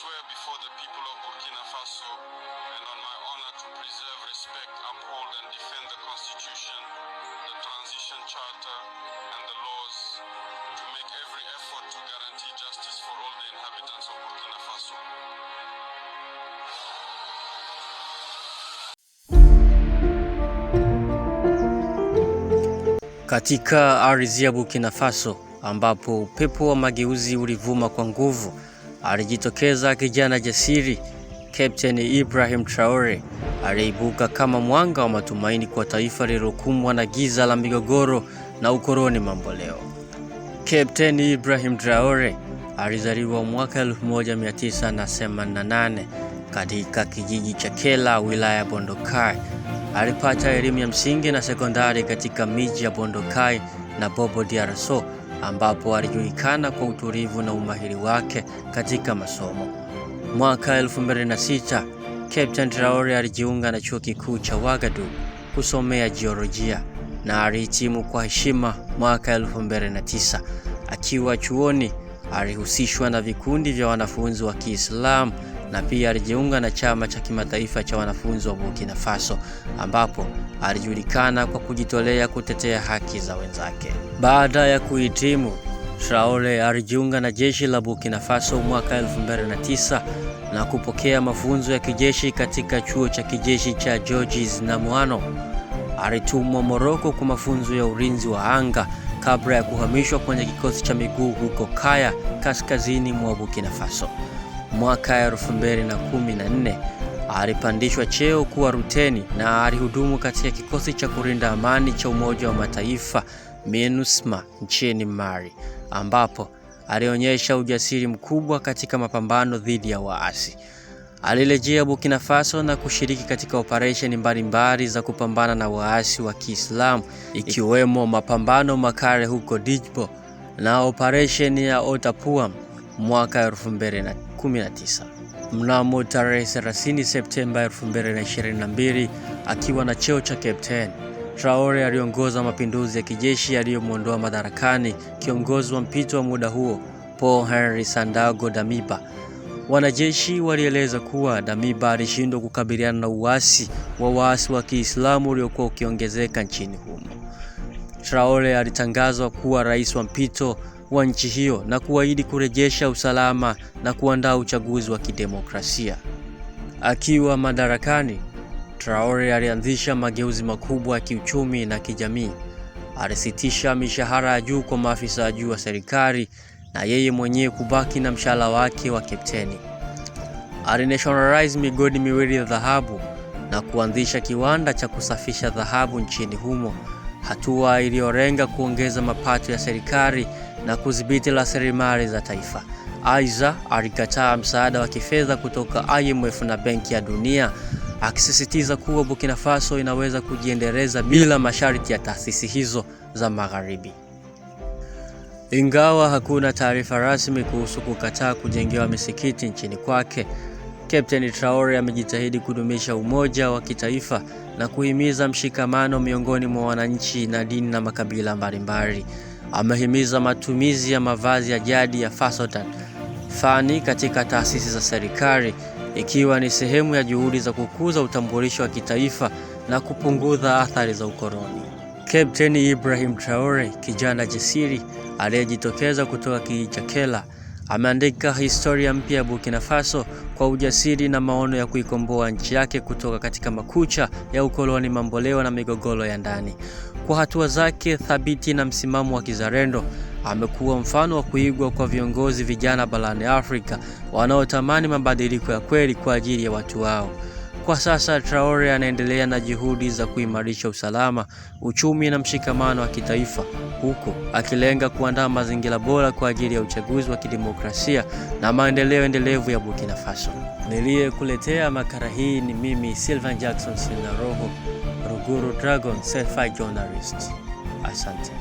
swear before the people of Burkina Faso and on my honor to preserve, respect, uphold, and defend the Constitution, the Transition Charter, and the laws to make every effort to guarantee justice for all the inhabitants of Burkina Faso. Katika ardhi ya Burkina Faso ambapo upepo wa mageuzi ulivuma kwa nguvu alijitokeza kijana jasiri, Captain Ibrahim Traore aliibuka kama mwanga wa matumaini kwa taifa lililokumbwa na giza la migogoro na ukoloni mamboleo. Captain Ibrahim Traore alizaliwa mwaka 1988 katika kijiji cha Kela, wilaya ya Bondokai. Alipata elimu ya msingi na sekondari katika miji ya Bondokai na Bobo Dioulasso ambapo alijulikana kwa utulivu na umahiri wake katika masomo. Mwaka 2006 Captain Traore alijiunga na chuo kikuu cha wagadu kusomea jiolojia na alihitimu kwa heshima mwaka 2009. Akiwa chuoni alihusishwa na vikundi vya wanafunzi wa Kiislamu na pia alijiunga na chama cha kimataifa cha wanafunzi wa Burkina Faso ambapo alijulikana kwa kujitolea kutetea haki za wenzake. Baada ya kuhitimu, Traore alijiunga na jeshi la Burkina Faso mwaka 2009 na kupokea mafunzo ya kijeshi katika chuo cha kijeshi cha Georges Namuano. Alitumwa Moroko kwa mafunzo ya ulinzi wa anga kabla ya kuhamishwa kwenye kikosi cha miguu huko Kaya, kaskazini mwa Burkina Faso mwaka 2014 alipandishwa cheo kuwa ruteni na alihudumu katika kikosi cha kulinda amani cha Umoja wa Mataifa MINUSMA nchini Mali ambapo alionyesha ujasiri mkubwa katika mapambano dhidi ya waasi. Alirejea Burkina Faso na kushiriki katika operesheni mbalimbali za kupambana na waasi wa Kiislamu ikiwemo mapambano makali huko dijbo na operesheni ya Otapuam mwaka 19. Mnamo tarehe 30 Septemba 2022, akiwa na cheo cha captain, Traore aliongoza mapinduzi ya kijeshi yaliyomwondoa madarakani kiongozi wa mpito wa muda huo Paul Henri Sandaogo Damiba. Wanajeshi walieleza kuwa Damiba alishindwa kukabiliana na uasi wa waasi wa Kiislamu uliokuwa ukiongezeka nchini humo. Traore alitangazwa kuwa rais wa mpito wa nchi hiyo na kuahidi kurejesha usalama na kuandaa uchaguzi wa kidemokrasia. Akiwa madarakani, Traore alianzisha mageuzi makubwa ya kiuchumi na kijamii. Alisitisha mishahara ya juu kwa maafisa wa juu wa serikali na yeye mwenyewe kubaki na mshahara wake wa kapteni Alinationalize migodi miwili ya dhahabu na kuanzisha kiwanda cha kusafisha dhahabu nchini humo, hatua iliyolenga kuongeza mapato ya serikali na kudhibiti rasilimali za taifa. Aidha, alikataa msaada wa kifedha kutoka IMF na Benki ya Dunia akisisitiza kuwa Burkina Faso inaweza kujiendeleza bila masharti ya taasisi hizo za Magharibi. Ingawa hakuna taarifa rasmi kuhusu kukataa kujengewa misikiti nchini kwake, Captain Traore amejitahidi kudumisha umoja wa kitaifa na kuhimiza mshikamano miongoni mwa wananchi na dini na makabila mbalimbali amehimiza matumizi ya mavazi ya jadi ya Fasotan fani katika taasisi za serikali ikiwa ni sehemu ya juhudi za kukuza utambulisho wa kitaifa na kupunguza athari za ukoloni. Kapteni Ibrahim Traore, kijana jasiri aliyejitokeza kutoka kijiji cha Kela, ameandika historia mpya ya Burkina Faso kwa ujasiri na maono ya kuikomboa nchi yake kutoka katika makucha ya ukoloni mamboleo na migogoro ya ndani. Kwa hatua zake thabiti na msimamo wa kizalendo, amekuwa mfano wa kuigwa kwa viongozi vijana barani Afrika wanaotamani mabadiliko ya kweli kwa ajili ya watu wao. Kwa sasa Traore anaendelea na juhudi za kuimarisha usalama, uchumi na mshikamano wa kitaifa huku akilenga kuandaa mazingira bora kwa ajili ya uchaguzi wa kidemokrasia na maendeleo endelevu ya Burkina Faso. Niliyekuletea makala hii ni mimi Silvan Jackson Sina Roho, Ruguru Dragon Self Journalist. Asante.